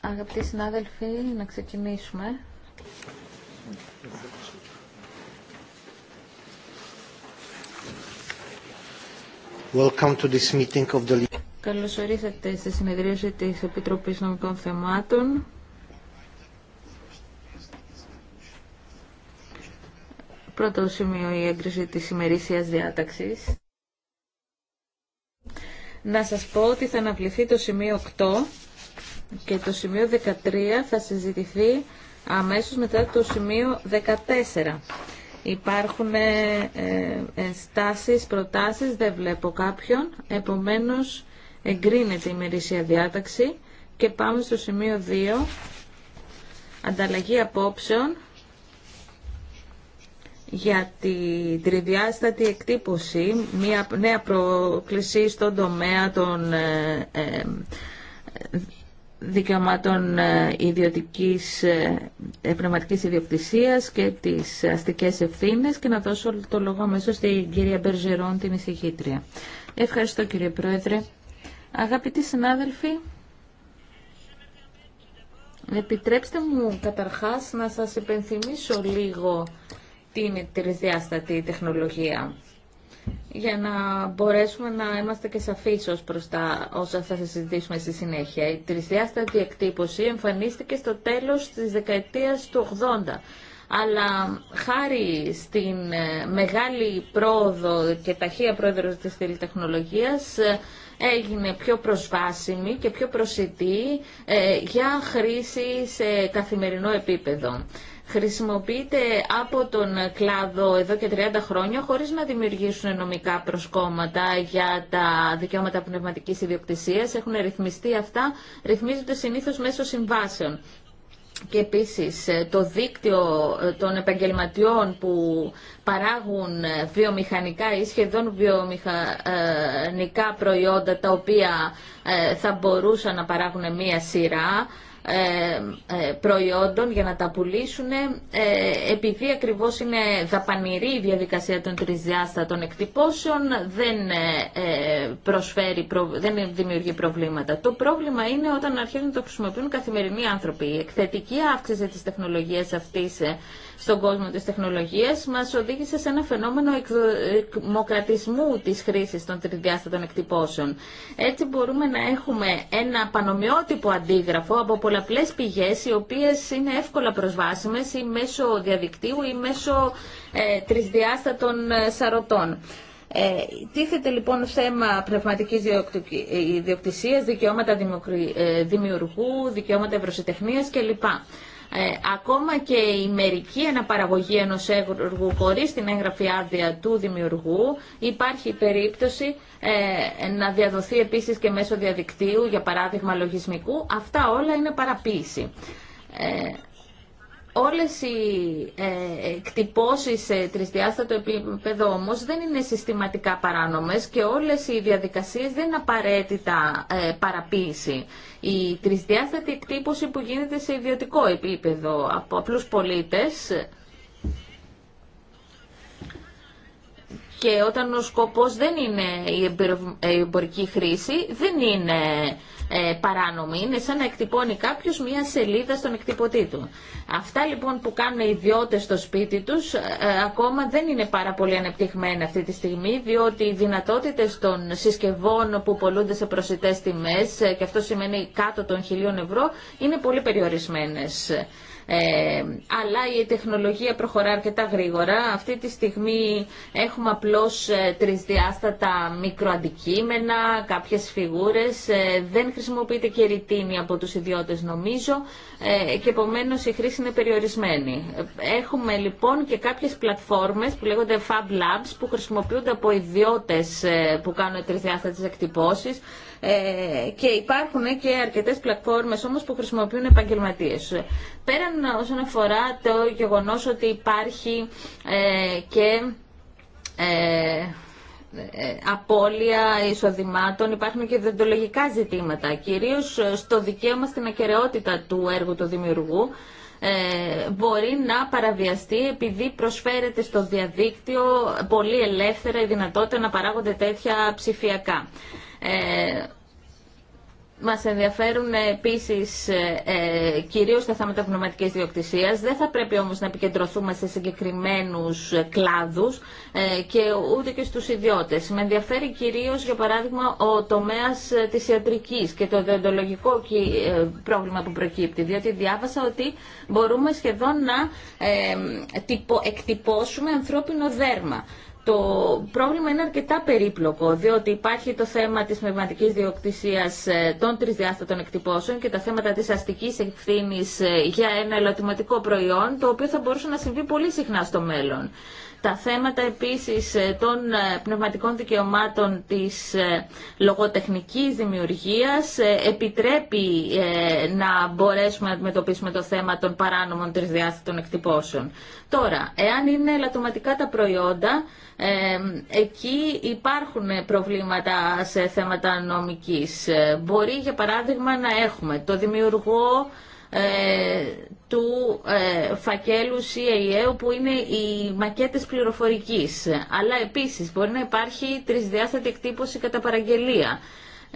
Αγαπητοί συνάδελφοι, να ξεκινήσουμε. Welcome to this meeting Καλώς ορίσατε στη συνεδρίαση της Επιτροπής Νομικών Θεμάτων. Πρώτο σημείο η έγκριση της ημερήσιας διάταξης να σας πω ότι θα αναβληθεί το σημείο 8 και το σημείο 13 θα συζητηθεί αμέσως μετά το σημείο 14. Υπάρχουν ε, ε, στάσεις, προτάσεις, δεν βλέπω κάποιον, επομένως εγκρίνεται η μερίσια διάταξη και πάμε στο σημείο 2, ανταλλαγή απόψεων για την τριδιάστατη εκτύπωση, μια νέα πρόκληση στον τομέα των ε, ε δικαιωμάτων ε, ιδιωτικής ε, πνευματικής ιδιοκτησίας και τις αστικές ευθύνες και να δώσω το λόγο αμέσως στην κυρία Μπερζερόν, την εισηγήτρια. Ευχαριστώ κύριε Πρόεδρε. Αγαπητοί συνάδελφοι, επιτρέψτε μου καταρχάς να σας υπενθυμίσω λίγο την τρισδιάστατη τεχνολογία για να μπορέσουμε να είμαστε και σαφείς ως προς τα όσα θα συζητήσουμε στη συνέχεια. Η τρισδιάστατη εκτύπωση εμφανίστηκε στο τέλος της δεκαετίας του 80 αλλά χάρη στην ε, μεγάλη πρόοδο και ταχεία πρόεδρος της τηλετεχνολογίας ε, έγινε πιο προσβάσιμη και πιο προσιτή ε, για χρήση σε καθημερινό επίπεδο χρησιμοποιείται από τον κλάδο εδώ και 30 χρόνια χωρίς να δημιουργήσουν νομικά προσκόμματα για τα δικαιώματα πνευματικής ιδιοκτησίας. Έχουν ρυθμιστεί αυτά, ρυθμίζονται συνήθως μέσω συμβάσεων. Και επίσης το δίκτυο των επαγγελματιών που παράγουν βιομηχανικά ή σχεδόν βιομηχανικά προϊόντα τα οποία ε, θα μπορούσαν να παράγουν μία σειρά ε, ε, προϊόντων για να τα πουλήσουν ε, επειδή ακριβώς είναι δαπανηρή η διαδικασία των τρισδιάστατων εκτυπώσεων δεν, προσφέρει, δεν δημιουργεί προβλήματα. Το πρόβλημα είναι όταν αρχίζουν να το χρησιμοποιούν καθημερινοί άνθρωποι. Η εκθετική αύξηση της τεχνολογίας αυτής στον κόσμο της τεχνολογίας μας οδήγησε σε ένα φαινόμενο εκμοκρατισμού της χρήσης των τριδιάστατων εκτυπώσεων. Έτσι μπορούμε να έχουμε ένα πανομοιότυπο αντίγραφο από πολλαπλές πηγές οι οποίες είναι εύκολα προσβάσιμες ή μέσω διαδικτύου ή μέσω ε, τρισδιάστατων ε, σαρωτών. Ε, τίθεται λοιπόν θέμα πνευματικής ιδιοκτησίας, δικαιώματα ε, δημιουργού, δικαιώματα ευρωσιτεχνίας κλπ. Ε, ακόμα και η μερική αναπαραγωγή ενός έργου χωρίς την έγγραφη άδεια του δημιουργού υπάρχει περίπτωση ε, να διαδοθεί επίσης και μέσω διαδικτύου, για παράδειγμα λογισμικού. Αυτά όλα είναι παραποίηση. Ε, όλες οι ε, εκτυπώσεις σε τρισδιάστατο επίπεδο όμως δεν είναι συστηματικά παράνομες και όλες οι διαδικασίες δεν είναι απαραίτητα ε, παραποίηση. Η τρισδιάστατη εκτύπωση που γίνεται σε ιδιωτικό επίπεδο από απλούς πολίτες και όταν ο σκοπός δεν είναι η εμπορική χρήση, δεν είναι ε, Είναι σαν να εκτυπώνει κάποιο μία σελίδα στον εκτυπωτή του. Αυτά λοιπόν που κάνουν οι ιδιώτε στο σπίτι τους ε, ε, ακόμα δεν είναι πάρα πολύ ανεπτυγμένα αυτή τη στιγμή διότι οι δυνατότητες των συσκευών που πολλούνται σε προσιτέ τιμέ ε, και αυτό σημαίνει κάτω των χιλίων ευρώ είναι πολύ περιορισμένες. Ε, αλλά η τεχνολογία προχωρά αρκετά γρήγορα. Αυτή τη στιγμή έχουμε απλώς ε, τρισδιάστατα μικροαντικείμενα, κάποιες φιγούρες. Ε, δεν χρησιμοποιείται και ρητίνη από τους ιδιώτες νομίζω και επομένω η χρήση είναι περιορισμένη. Έχουμε λοιπόν και κάποιες πλατφόρμες που λέγονται Fab Labs που χρησιμοποιούνται από ιδιώτες που κάνουν τρισδιάστατες εκτυπώσεις ε, και υπάρχουν και αρκετές πλατφόρμε όμως που χρησιμοποιούν επαγγελματίε. Πέραν όσον αφορά το γεγονό ότι υπάρχει ε, και ε, απώλεια εισοδημάτων, υπάρχουν και δεντολογικά ζητήματα, κυρίως στο δικαίωμα στην ακαιρεότητα του έργου του δημιουργού, μπορεί να παραβιαστεί επειδή προσφέρεται στο διαδίκτυο πολύ ελεύθερα η δυνατότητα να παράγονται τέτοια ψηφιακά. Ε, μας ενδιαφέρουν επίσης ε, ε κυρίως τα θέματα πνευματικής διοκτησίας. Δεν θα πρέπει όμως να επικεντρωθούμε σε συγκεκριμένους κλάδους ε, και ούτε και στους ιδιώτες. Με ενδιαφέρει κυρίως, για παράδειγμα, ο τομέας ε, της ιατρικής και το διοντολογικό πρόβλημα που προκύπτει. Διότι διάβασα ότι μπορούμε σχεδόν να ε, εκτυπώσουμε ανθρώπινο δέρμα. Το πρόβλημα είναι αρκετά περίπλοκο, διότι υπάρχει το θέμα της πνευματικής διοκτησίας ε, των τρισδιάστατων εκτυπώσεων και τα θέματα της αστικής ευθύνη ε, για ένα ελαττωματικό προϊόν, το οποίο θα μπορούσε να συμβεί πολύ συχνά στο μέλλον. Τα θέματα επίσης ε, των πνευματικών δικαιωμάτων της λογοτεχνικής δημιουργίας επιτρέπει να μπορέσουμε να αντιμετωπίσουμε το θέμα των παράνομων τρισδιάστατων εκτυπώσεων. Τώρα, εάν είναι ελαττωματικά τα προϊόντα, εκεί υπάρχουν προβλήματα σε θέματα νομικής. Μπορεί, για παράδειγμα, να έχουμε το δημιουργό ε, του ε, φακέλου CIA που είναι οι μακέτες πληροφορικής. Αλλά επίσης μπορεί να υπάρχει τρισδιάστατη εκτύπωση κατά παραγγελία.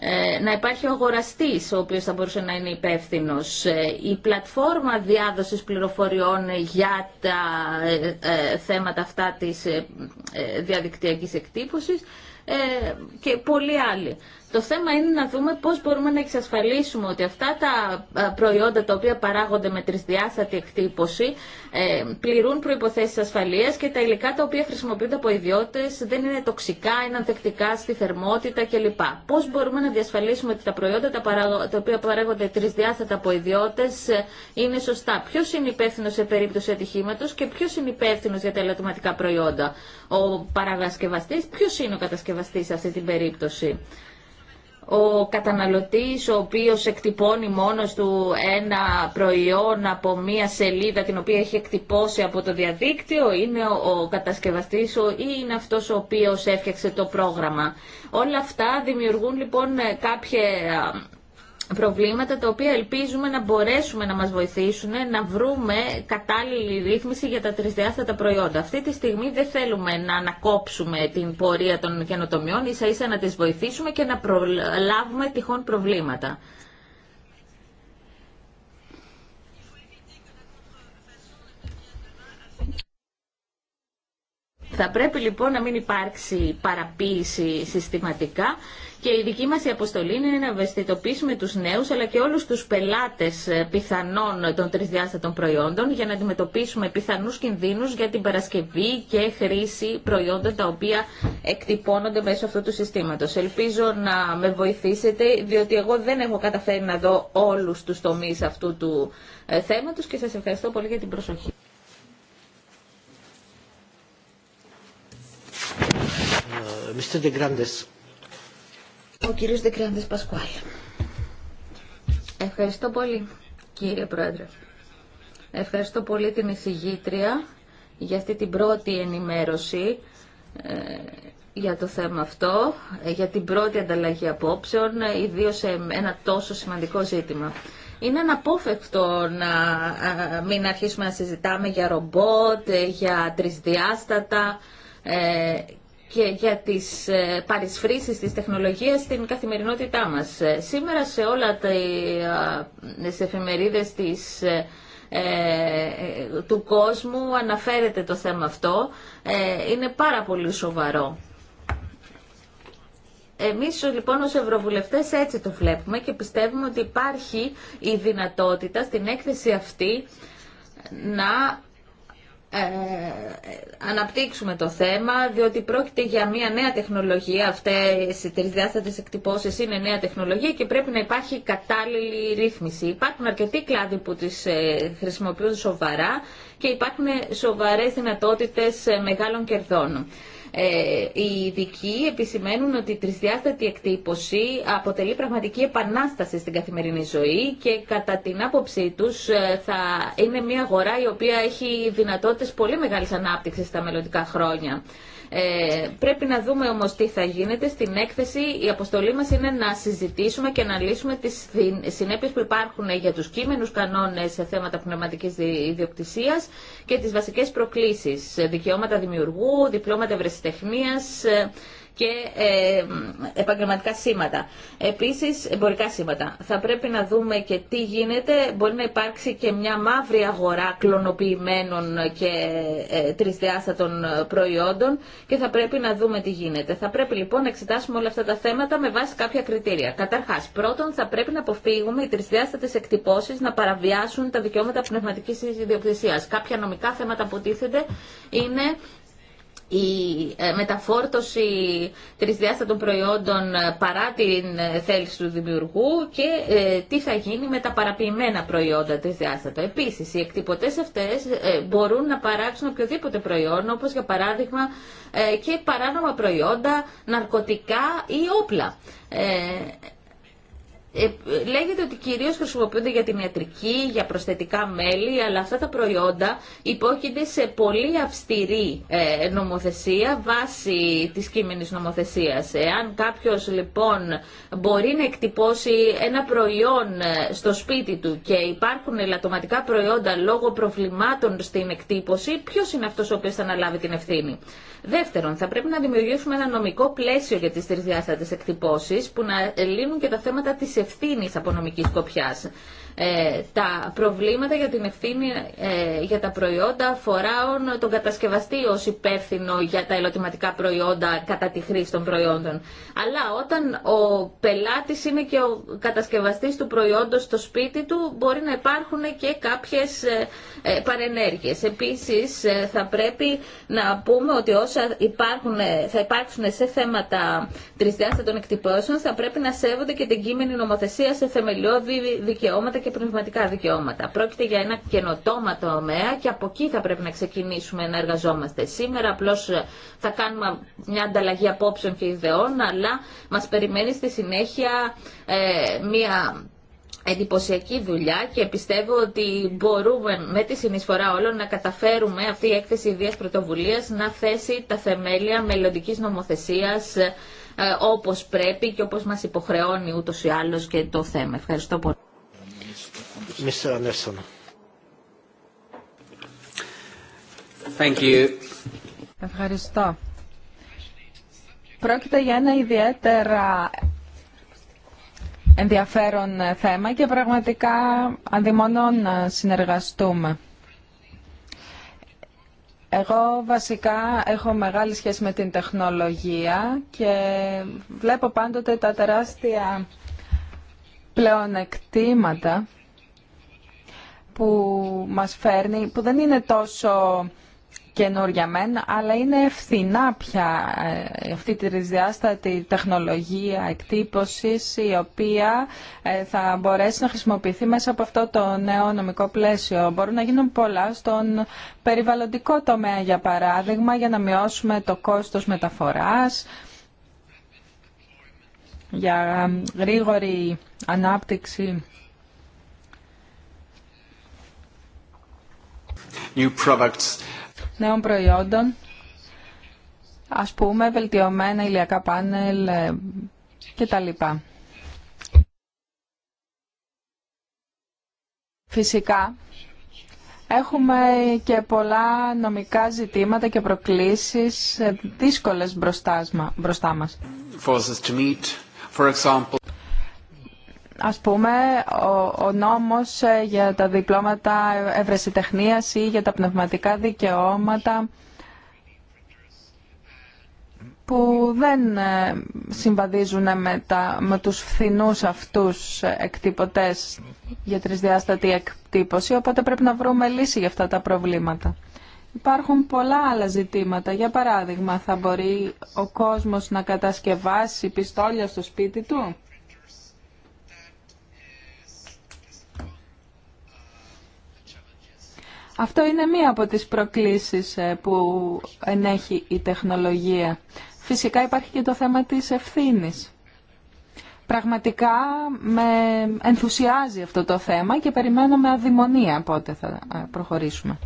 Ε, να υπάρχει ο αγοραστής ο οποίος θα μπορούσε να είναι υπεύθυνο. Ε, η πλατφόρμα διάδοσης πληροφοριών για τα ε, θέματα αυτά της διαδικτυακής εκτύπωσης και πολλοί άλλοι. Το θέμα είναι να δούμε πώς μπορούμε να εξασφαλίσουμε ότι αυτά τα ε, προϊόντα τα οποία παράγονται με τρισδιάστατη εκτύπωση ε, πληρούν προϋποθέσεις ασφαλείας και τα υλικά τα οποία χρησιμοποιούνται από ιδιώτες δεν είναι τοξικά, είναι ανθεκτικά στη θερμότητα κλπ. Πώς μπορούμε να διασφαλίσουμε ότι τα προϊόντα τα οποία παράγονται τρισδιάστατα από ιδιώτες ε, είναι σωστά. Ποιος είναι υπεύθυνο σε περίπτωση ατυχήματο και ποιο είναι υπεύθυνο για τα ελαττωματικά προϊόντα. Ο παραγασκευαστής, ποιος είναι ο κατασκευαστής σε αυτή την περίπτωση ο καταναλωτής ο οποίος εκτυπώνει μόνος του ένα προϊόν από μία σελίδα την οποία έχει εκτυπώσει από το διαδίκτυο, είναι ο κατασκευαστής ή είναι αυτός ο οποίος έφτιαξε το πρόγραμμα. Όλα αυτά δημιουργούν λοιπόν κάποια προβλήματα τα οποία ελπίζουμε να μπορέσουμε να μας βοηθήσουν να βρούμε κατάλληλη ρύθμιση για τα τρισδιάστατα προϊόντα. Αυτή τη στιγμή δεν θέλουμε να ανακόψουμε την πορεία των καινοτομιών, ίσα ίσα να τις βοηθήσουμε και να προλάβουμε τυχόν προβλήματα. Θα πρέπει λοιπόν να μην υπάρξει παραποίηση συστηματικά και η δική μας η αποστολή είναι να ευαισθητοποιήσουμε τους νέους αλλά και όλους τους πελάτες ε, πιθανών ε, των τρισδιάστατων προϊόντων για να αντιμετωπίσουμε πιθανούς κινδύνους για την παρασκευή και χρήση προϊόντων τα οποία εκτυπώνονται μέσω αυτού του συστήματος. Ελπίζω να με βοηθήσετε διότι εγώ δεν έχω καταφέρει να δω όλους τους τομείς αυτού του ε, θέματος και σας ευχαριστώ πολύ για την προσοχή. Mr. De Grandes. Ο κύριος Δεκράντες Πασκουάλ. Ευχαριστώ πολύ, κύριε Πρόεδρε. Ευχαριστώ πολύ την εισηγήτρια για αυτή την πρώτη ενημέρωση ε, για το θέμα αυτό, ε, για την πρώτη ανταλλαγή απόψεων, ε, ιδίω σε ένα τόσο σημαντικό ζήτημα. Είναι αναπόφευκτο να μην αρχίσουμε να συζητάμε για ρομπότ, για τρισδιάστατα και για τις ε, παρισφρήσεις της τεχνολογίας στην καθημερινότητά μας. Ε, σήμερα σε όλα ε, τις εφημερίδες του κόσμου αναφέρεται το θέμα αυτό. Είναι πάρα πολύ σοβαρό. Εμείς λοιπόν ως Ευρωβουλευτές έτσι το βλέπουμε και πιστεύουμε ότι υπάρχει η δυνατότητα στην έκθεση αυτή να ε, αναπτύξουμε το θέμα, διότι πρόκειται για μια νέα τεχνολογία. αυτέ οι τρισδιάστατε εκτυπώσεις είναι νέα τεχνολογία και πρέπει να υπάρχει κατάλληλη ρύθμιση. Υπάρχουν αρκετοί κλάδοι που τις ε, χρησιμοποιούν σοβαρά και υπάρχουν σοβαρές δυνατότητες ε, μεγάλων κερδών. Ε, οι ειδικοί επισημαίνουν ότι η τρισδιάστατη εκτύπωση αποτελεί πραγματική επανάσταση στην καθημερινή ζωή και κατά την άποψή τους ε, θα είναι μια αγορά η οποία έχει δυνατότητες πολύ μεγάλης ανάπτυξης στα μελλοντικά χρόνια. Ε, πρέπει να δούμε όμως τι θα γίνεται στην έκθεση. Η αποστολή μας είναι να συζητήσουμε και να λύσουμε τις συνέπειες που υπάρχουν για τους κείμενους κανόνες σε θέματα πνευματικής ιδιοκτησίας και τις βασικές προκλήσεις. Δικαιώματα δημιουργού, διπλώματα ευρεσιτεχνίας ε, και ε, επαγγελματικά σήματα. Επίσης, εμπορικά σήματα. Θα πρέπει να δούμε και τι γίνεται. Μπορεί να υπάρξει και μια μαύρη αγορά κλωνοποιημένων και ε, τρισδιάστατων προϊόντων και θα πρέπει να δούμε τι γίνεται. Θα πρέπει λοιπόν να εξετάσουμε όλα αυτά τα θέματα με βάση κάποια κριτήρια. Καταρχάς, πρώτον θα πρέπει να αποφύγουμε οι τρισδιάστατες εκτυπώσεις να παραβιάσουν τα δικαιώματα πνευματικής ιδιοκτησίας. Κάποια νομικά θέματα που τίθενται είναι η ε, μεταφόρτωση τρισδιάστατων προϊόντων ε, παρά την ε, θέληση του δημιουργού και τι θα γίνει με τα παραποιημένα προϊόντα τρισδιάστατα. Επίσης, οι εκτυπωτές αυτές μπορούν να παράξουν οποιοδήποτε προϊόν, όπως για παράδειγμα και παράνομα προϊόντα, ναρκωτικά ή όπλα. Ε, λέγεται ότι κυρίως χρησιμοποιούνται για την ιατρική, για προσθετικά μέλη, αλλά αυτά τα προϊόντα υπόκεινται σε πολύ αυστηρή ε, νομοθεσία βάσει της κείμενης νομοθεσίας. Εάν κάποιος λοιπόν μπορεί να εκτυπώσει ένα προϊόν ε, στο σπίτι του και υπάρχουν ελαττωματικά προϊόντα λόγω προβλημάτων στην εκτύπωση, ποιος είναι αυτός ο οποίος θα αναλάβει την ευθύνη. Δεύτερον, θα πρέπει να δημιουργήσουμε ένα νομικό πλαίσιο για τι τρισδιάστατες εκτυπώσεις που να λύνουν και τα θέματα της ευθύνη από νομική ε, τα προβλήματα για την ευθύνη ε, για τα προϊόντα αφορά τον κατασκευαστή ω υπεύθυνο για τα ελαττωματικά προϊόντα κατά τη χρήση των προϊόντων. Αλλά όταν ο πελάτη είναι και ο κατασκευαστή του προϊόντος στο σπίτι του μπορεί να υπάρχουν και κάποιες ε, παρενέργειες. Επίσης θα πρέπει να πούμε ότι όσα υπάρχουν, θα υπάρξουν σε θέματα τρισδιάστατων εκτυπώσεων θα πρέπει να σέβονται και την κείμενη νομοθεσία σε θεμελιώδη δικαιώματα και πνευματικά δικαιώματα. Πρόκειται για ένα καινοτόμα τομέα και από εκεί θα πρέπει να ξεκινήσουμε να εργαζόμαστε. Σήμερα απλώ ε, θα κάνουμε μια ανταλλαγή απόψεων και ιδεών, αλλά μα περιμένει στη συνέχεια ε, μια εντυπωσιακή δουλειά και πιστεύω ότι μπορούμε με τη συνεισφορά όλων να καταφέρουμε αυτή η έκθεση ιδίας πρωτοβουλίας να θέσει τα θεμέλια μελλοντικής νομοθεσίας ε, όπως πρέπει και όπως μας υποχρεώνει ούτως ή άλλως και το θέμα. Ευχαριστώ πολύ. Ευχαριστώ. Πρόκειται για ένα ιδιαίτερα ενδιαφέρον θέμα και πραγματικά αντιμονώ να συνεργαστούμε. Εγώ βασικά έχω μεγάλη σχέση με την τεχνολογία και βλέπω πάντοτε τα τεράστια πλεονεκτήματα που μας φέρνει, που δεν είναι τόσο καινούργια μεν, αλλά είναι ευθυνά πια ε, αυτή τη ριζιάστατη τεχνολογία εκτύπωσης η οποία ε, θα μπορέσει να χρησιμοποιηθεί μέσα από αυτό το νέο νομικό πλαίσιο. Μπορούν να γίνουν πολλά στον περιβαλλοντικό τομέα για παράδειγμα για να μειώσουμε το κόστος μεταφοράς, για γρήγορη ανάπτυξη Νέων προϊόντων, ας πούμε βελτιωμένα ηλιακά πάνελ ε, και τα λοιπά. Φυσικά, έχουμε και πολλά νομικά ζητήματα και προκλήσεις ε, δύσκολες μπροστά μας. Ας πούμε, ο, νόμος ε, για τα διπλώματα ευρεσιτεχνίας ή για τα πνευματικά δικαιώματα που δεν ε, συμβαδίζουν με, τα, με τους φθηνούς αυτούς εκτυπωτές για τρισδιάστατη εκτύπωση, οπότε πρέπει να βρούμε λύση για αυτά τα προβλήματα. Υπάρχουν πολλά άλλα ζητήματα. Για παράδειγμα, θα μπορεί ο κόσμος να κατασκευάσει πιστόλια στο σπίτι του. Αυτό είναι μία από τις προκλήσεις ε, που ενέχει η τεχνολογία. Φυσικά υπάρχει και το θέμα της ευθύνης. Πραγματικά με ενθουσιάζει αυτό το θέμα και περιμένω με αδημονία πότε θα ε, προχωρήσουμε.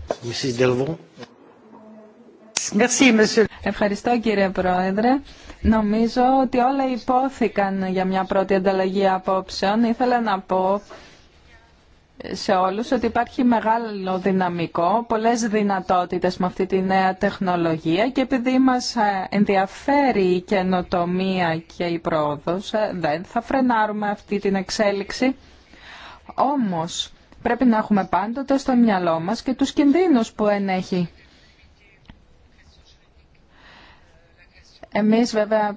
Ευχαριστώ κύριε Πρόεδρε. Νομίζω ότι όλα υπόθηκαν για μια πρώτη ανταλλαγή απόψεων. Ήθελα να πω σε όλους ότι υπάρχει μεγάλο δυναμικό, πολλές δυνατότητες με αυτή τη νέα τεχνολογία και επειδή μας ε, ενδιαφέρει η καινοτομία και η πρόοδος, ε, δεν θα φρενάρουμε αυτή την εξέλιξη. Όμως πρέπει να έχουμε πάντοτε στο μυαλό μας και τους κινδύνους που ενέχει. Εμείς βέβαια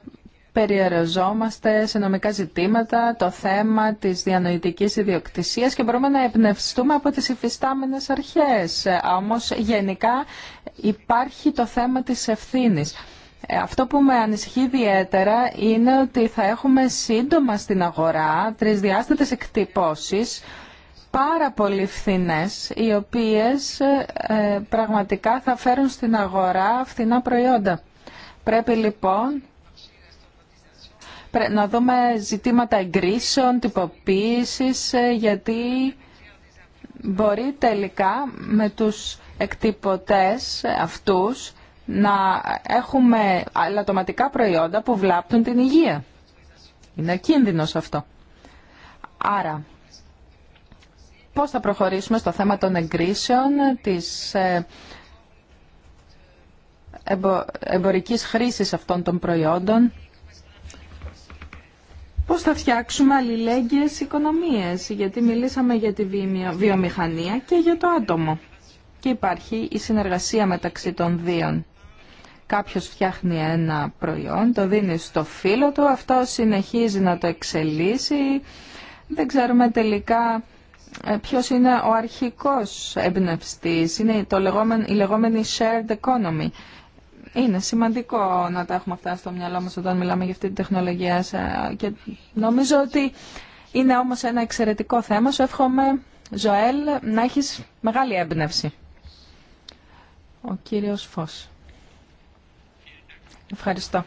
περιεραζόμαστε σε νομικά ζητήματα, το θέμα της διανοητικής ιδιοκτησίας και μπορούμε να εμπνευστούμε από τις υφιστάμενες αρχές. Όμως γενικά υπάρχει το θέμα της ευθύνης. Ε, αυτό που με ανησυχεί ιδιαίτερα είναι ότι θα έχουμε σύντομα στην αγορά τρισδιάστατες εκτυπώσεις πάρα πολύ φθηνές, οι οποίες ε, ε, πραγματικά θα φέρουν στην αγορά φθηνά προϊόντα. Πρέπει λοιπόν να δούμε ζητήματα εγκρίσεων, τυποποίησης, ε, γιατί μπορεί τελικά με τους εκτυπωτές ε, αυτούς να έχουμε αλλατοματικά προϊόντα που βλάπτουν την υγεία. Είναι κίνδυνος αυτό. Άρα, πώς θα προχωρήσουμε στο θέμα των εγκρίσεων, της ε, εμπορικής χρήσης αυτών των προϊόντων πώς θα φτιάξουμε αλληλέγγυες οικονομίες, γιατί μιλήσαμε για τη βιομηχανία και για το άτομο. Και υπάρχει η συνεργασία μεταξύ των δύο. Κάποιος φτιάχνει ένα προϊόν, το δίνει στο φίλο του, αυτό συνεχίζει να το εξελίσσει. Δεν ξέρουμε τελικά ε, ποιος είναι ο αρχικός εμπνευστής. Είναι το η λεγόμενη shared economy είναι σημαντικό να τα έχουμε αυτά στο μυαλό μας όταν μιλάμε για αυτή τη τεχνολογία και νομίζω ότι είναι όμως ένα εξαιρετικό θέμα. Σου εύχομαι, Ζωέλ, να έχεις μεγάλη έμπνευση. Ο κύριος Φως. Ευχαριστώ.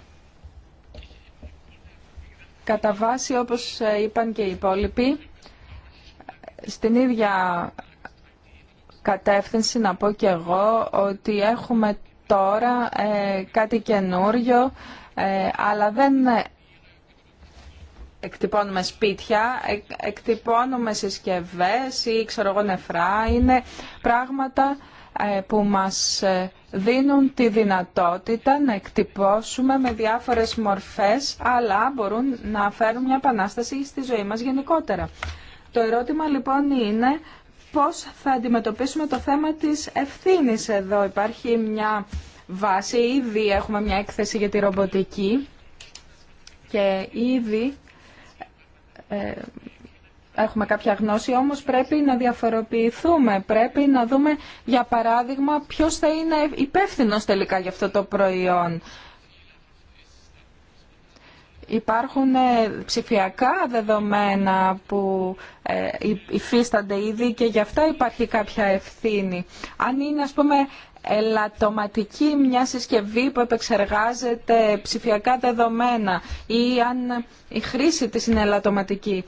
Κατά βάση, όπως είπαν και οι υπόλοιποι, στην ίδια κατεύθυνση να πω και εγώ ότι έχουμε τώρα ε, κάτι καινούριο, ε, αλλά δεν εκτυπώνουμε σπίτια, ε, εκτυπώνουμε συσκευές ή ξέρω εγώ νεφρά. Είναι πράγματα που μας δίνουν τη δυνατότητα να εκτυπώσουμε με διάφορες μορφές, αλλά μπορούν να φέρουν μια επανάσταση στη ζωή μας γενικότερα. Το ερώτημα λοιπόν είναι πώς θα αντιμετωπίσουμε το θέμα της ευθύνης εδώ. Υπάρχει μια βάση, ήδη έχουμε μια έκθεση για τη ρομποτική και ήδη ε, έχουμε κάποια γνώση, όμως πρέπει να διαφοροποιηθούμε. Πρέπει να δούμε, για παράδειγμα, ποιος θα είναι υπεύθυνος τελικά για αυτό το προϊόν. Υπάρχουν ε, ψηφιακά δεδομένα που ε, υφίστανται ήδη και γι' αυτά υπάρχει κάποια ευθύνη. Αν είναι, ας πούμε, ελαττωματική μια συσκευή που επεξεργάζεται ψηφιακά δεδομένα ή αν η χρήση της είναι ελαττωματική.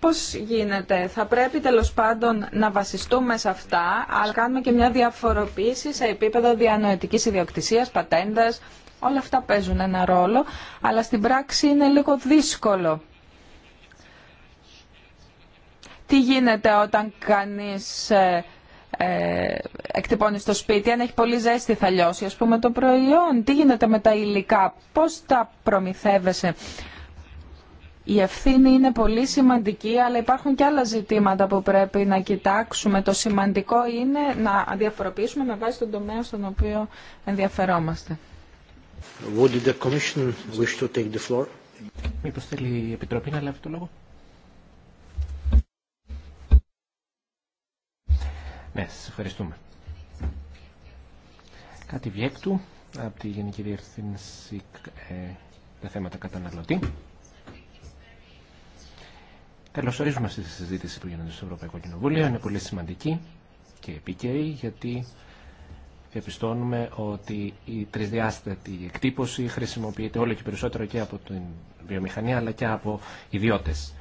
Πώς γίνεται. Θα πρέπει τέλος πάντων να βασιστούμε σε αυτά, αλλά κάνουμε και μια διαφοροποίηση σε επίπεδο διανοητικής ιδιοκτησίας, πατέντας Όλα αυτά παίζουν ένα ρόλο, αλλά στην πράξη είναι λίγο δύσκολο. Τι γίνεται όταν κανείς ε, ε, εκτυπώνει στο σπίτι, αν έχει πολύ ζέστη θα λιώσει, ας πούμε, το προϊόν. Τι γίνεται με τα υλικά, πώς τα προμηθεύεσαι. Η ευθύνη είναι πολύ σημαντική, αλλά υπάρχουν και άλλα ζητήματα που πρέπει να κοιτάξουμε. Το σημαντικό είναι να διαφοροποιήσουμε με βάση τον τομέα στον οποίο ενδιαφερόμαστε. Would the Commission wish to take the floor? Μήπως θέλει η Επιτροπή να λάβει το λόγο. Ναι, σας ευχαριστούμε. Κάτι βιέκτου από τη Γενική Διευθύνση ε, τα θέματα καταναλωτή. Καλωσορίζουμε ορίζουμε στη συζήτηση που γίνεται στο Ευρωπαϊκό Κοινοβούλιο. Είναι πολύ σημαντική και επίκαιρη γιατί διαπιστώνουμε ότι η τρισδιάστατη εκτύπωση χρησιμοποιείται όλο και περισσότερο και από την βιομηχανία αλλά και από ιδιώτες.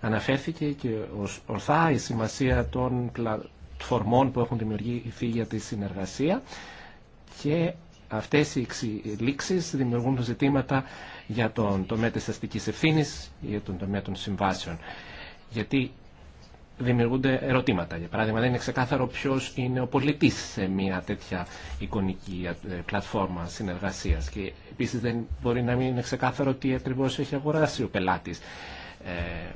Αναφέρθηκε και ως ορθά η σημασία των πλατφορμών που έχουν δημιουργηθεί για τη συνεργασία και αυτές οι εξελίξεις δημιουργούν ζητήματα για τον τομέα της αστικής ευθύνης, για τον τομέα των συμβάσεων. Γιατί δημιουργούνται ερωτήματα. Για παράδειγμα, δεν είναι ξεκάθαρο ποιο είναι ο πολιτή σε μια τέτοια εικονική ε, πλατφόρμα συνεργασία. Και επίση δεν μπορεί να μην είναι ξεκάθαρο τι ακριβώ έχει αγοράσει ο πελάτη. Ε,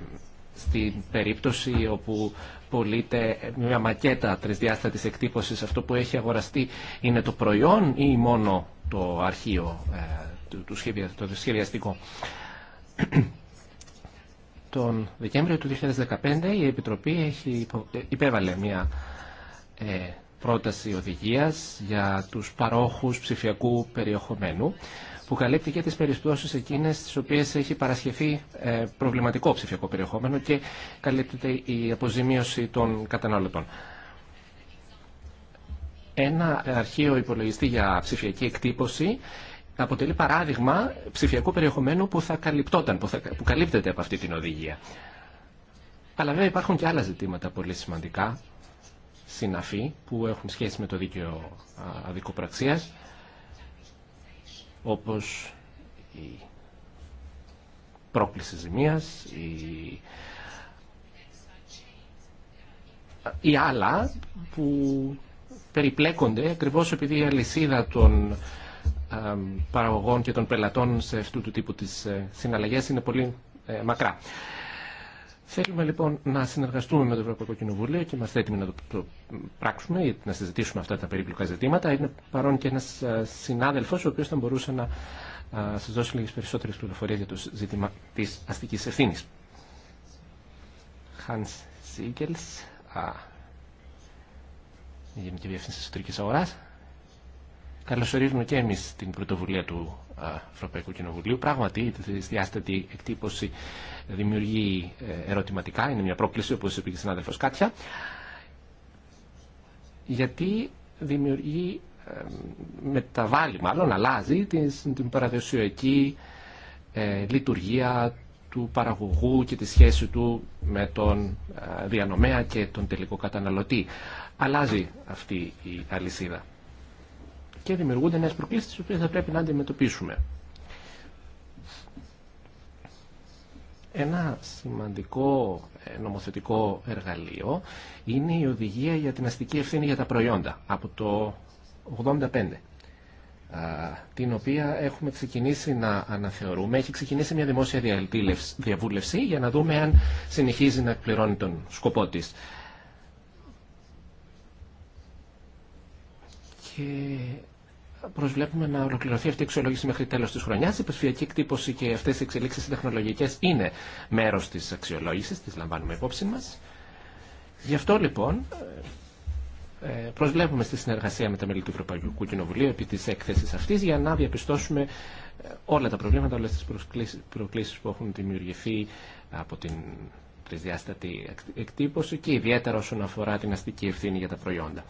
στην περίπτωση όπου πωλείται μια μακέτα τρισδιάστατης εκτύπωσης, αυτό που έχει αγοραστεί είναι το προϊόν ή μόνο το αρχείο, ε, το σχεδιαστικό τον Δεκέμβριο του 2015 η Επιτροπή έχει ε, υπέβαλε μια ε, πρόταση οδηγίας για τους παρόχους ψηφιακού περιεχομένου που καλύπτει και τις περιπτώσεις εκείνες στις οποίες έχει παρασχεθεί ε, προβληματικό ψηφιακό περιεχόμενο και καλύπτεται η αποζημίωση των καταναλωτών. Ένα αρχείο υπολογιστή για ψηφιακή εκτύπωση αποτελεί παράδειγμα ψηφιακού περιεχομένου που θα καλυπτόταν, που, καλύπτεται από αυτή την οδηγία. Αλλά βέβαια υπάρχουν και άλλα ζητήματα πολύ σημαντικά, συναφή, που έχουν σχέση με το δίκαιο αδικοπραξίας, όπως η πρόκληση ζημίας, η ή άλλα που περιπλέκονται ακριβώ επειδή η αλλα που περιπλεκονται ακριβως επειδη η αλυσιδα των παραγωγών και των πελατών σε αυτού του τύπου τις ε, συναλλαγές είναι πολύ ε, μακρά. Θέλουμε λοιπόν να συνεργαστούμε με το Ευρωπαϊκό Κοινοβούλιο και είμαστε έτοιμοι να το πράξουμε ή να συζητήσουμε αυτά τα περίπλοκα ζητήματα. Είναι παρόν και ένας ε, συνάδελφος ο οποίος θα μπορούσε να σας δώσει λίγες περισσότερες πληροφορίες για το ζήτημα της αστικής ευθύνης. Γενική Εσωτερικής Αγοράς. Καλωσορίζουμε και εμείς την πρωτοβουλία του Ευρωπαϊκού Κοινοβουλίου. Πράγματι, η διάστατη εκτύπωση δημιουργεί ε, ερωτηματικά. Είναι μια πρόκληση, όπως είπε και η συνάδελφος Κάτια. Γιατί δημιουργεί, μεταβάλλει μάλλον, αλλάζει την παραδοσιακή ε, λειτουργία του παραγωγού και τη σχέση του με τον διανομέα και τον τελικό καταναλωτή. Αλλάζει αυτή η αλυσίδα και δημιουργούνται νέες προκλήσει τι οποίες θα πρέπει να αντιμετωπίσουμε. Ένα σημαντικό ε, νομοθετικό εργαλείο είναι η οδηγία για την αστική ευθύνη για τα προϊόντα από το 1985 την οποία έχουμε ξεκινήσει να αναθεωρούμε. Έχει ξεκινήσει μια δημόσια διαβούλευση για να δούμε αν συνεχίζει να εκπληρώνει τον σκοπό της. Και προσβλέπουμε να ολοκληρωθεί αυτή η αξιολόγηση μέχρι τέλο τη χρονιά. Η ψηφιακή εκτύπωση και αυτέ οι εξελίξει τεχνολογικέ είναι μέρο τη αξιολόγηση, τι λαμβάνουμε υπόψη μα. Γι' αυτό λοιπόν ε, ε, προσβλέπουμε στη συνεργασία με τα μέλη του Ευρωπαϊκού Κοινοβουλίου επί τη έκθεση αυτή για να διαπιστώσουμε ε, όλα τα προβλήματα, όλε τι προκλήσει που έχουν δημιουργηθεί από την τρισδιάστατη εκτύπωση και ιδιαίτερα όσον αφορά την αστική ευθύνη για τα προϊόντα.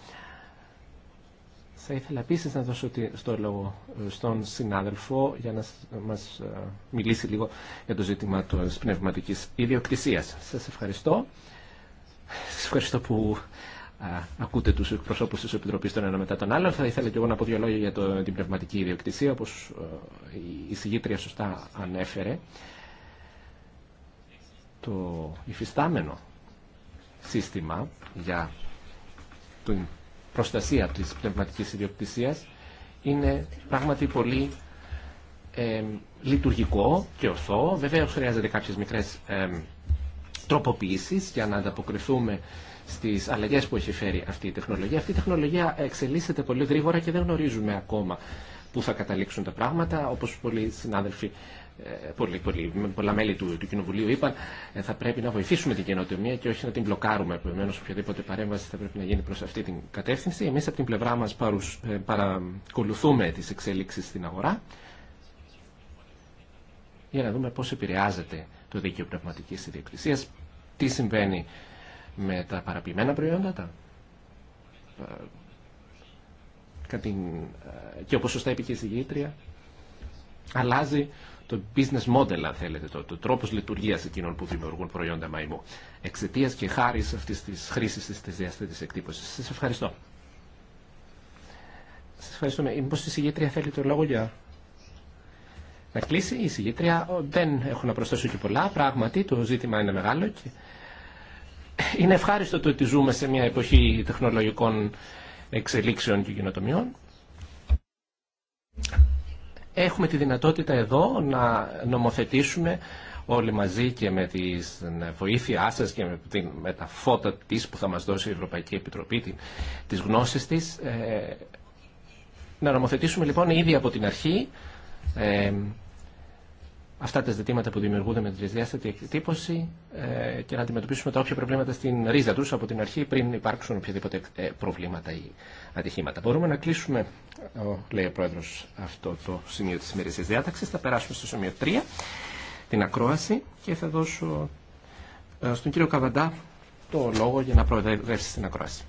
Θα ήθελα επίση να δώσω στο λόγο ε, στον συνάδελφο για να μας ε, μιλήσει λίγο για το ζήτημα της πνευματικής ιδιοκτησίας. Σας ευχαριστώ. Σας ευχαριστώ που ακούτε τους εκπροσώπους της Επιτροπής τον ένα μετά τον άλλον. Θα ήθελα και εγώ να πω δύο λόγια για το, την πνευματική ιδιοκτησία, όπως ε, η συγγήτρια σωστά ανέφερε. Το υφιστάμενο σύστημα για την προστασία τη πνευματική ιδιοκτησία είναι πράγματι πολύ ε, λειτουργικό και ορθό. Βεβαίω χρειάζεται κάποιε μικρέ ε, τροποποιήσεις για να ανταποκριθούμε στι αλλαγέ που έχει φέρει αυτή η τεχνολογία. Αυτή η τεχνολογία εξελίσσεται πολύ γρήγορα και δεν γνωρίζουμε ακόμα πού θα καταλήξουν τα πράγματα. όπω πολλοί συνάδελφοι ε, πολλοί, πολλοί, πολλά μέλη του, του Κοινοβουλίου είπαν ε, θα πρέπει να βοηθήσουμε την καινοτομία και όχι να την μπλοκάρουμε. Επομένω, οποιαδήποτε παρέμβαση θα πρέπει να γίνει προ αυτή την κατεύθυνση. Εμεί από την πλευρά μα ε, παρακολουθούμε τι εξέλιξει στην αγορά για να δούμε πώ επηρεάζεται το δίκαιο πνευματική ιδιοκτησία, τι συμβαίνει με τα παραποιημένα προϊόντα, τα... και όπως σωστά είπε και η συγγήτρια, αλλάζει το business model, αν θέλετε, το, το τρόπος λειτουργίας εκείνων που δημιουργούν προϊόντα μαϊμού. Εξαιτίας και χάρη αυτής της χρήσης της, της εκτύπωση. εκτύπωσης. Σας ευχαριστώ. Σας ευχαριστούμε. Μήπως η συγγήτρια θέλει το λόγο για να κλείσει. Η συγγήτρια δεν έχω να προσθέσω και πολλά. Πράγματι το ζήτημα είναι μεγάλο και είναι ευχάριστο το ότι ζούμε σε μια εποχή τεχνολογικών εξελίξεων και γενοτομιών έχουμε τη δυνατότητα εδώ να νομοθετήσουμε όλοι μαζί και με τη βοήθειά σα και με, τα φώτα της που θα μας δώσει η Ευρωπαϊκή Επιτροπή, τη τις γνώσεις της, ε, να νομοθετήσουμε λοιπόν ήδη από την αρχή ε, αυτά τα ζητήματα που δημιουργούνται με τη τρισδιάστατη εκτύπωση ε, και να αντιμετωπίσουμε τα όποια προβλήματα στην ρίζα του, από την αρχή πριν υπάρξουν οποιαδήποτε ε, προβλήματα ή ατυχήματα. Μπορούμε να κλείσουμε, λέει ο Πρόεδρος, αυτό το σημείο τη σημερινή διάταξη. Θα περάσουμε στο σημείο 3, την ακρόαση και θα δώσω ε, στον κύριο Καβαντά το λόγο για να προεδρεύσει στην ακρόαση.